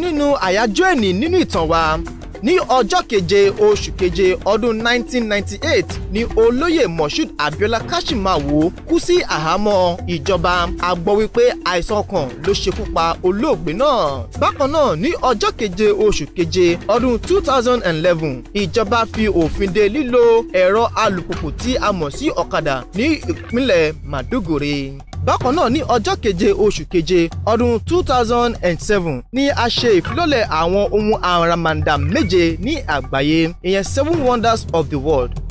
nínú àyájọ́ ẹ̀nì nínú ìtàn wa ní ọjọ́ keje oṣù keje ọdún 1998 ni olóyè Moshood Abiola Kashimawo kú sí àhámọ́ ìjọba a gbọ́ wípé àìsàn ọkàn ló ṣekú pa olóògbé náà. bákan náà ní ọjọ́ keje oṣù keje ọdún 2011 ìjọba fi òfin de lílo ẹ̀rọ alùpùpù tí a mọ̀ sí ọ̀kadà ní ìpínlẹ̀ Maduguri bákan náà ní ọjọ́ keje oṣù keje ọdún two thousand and seven ni a ṣe ìfilọ́lẹ̀ àwọn ohun àràmàǹdà méje ní àgbáyé ìyẹn seven wonders of the world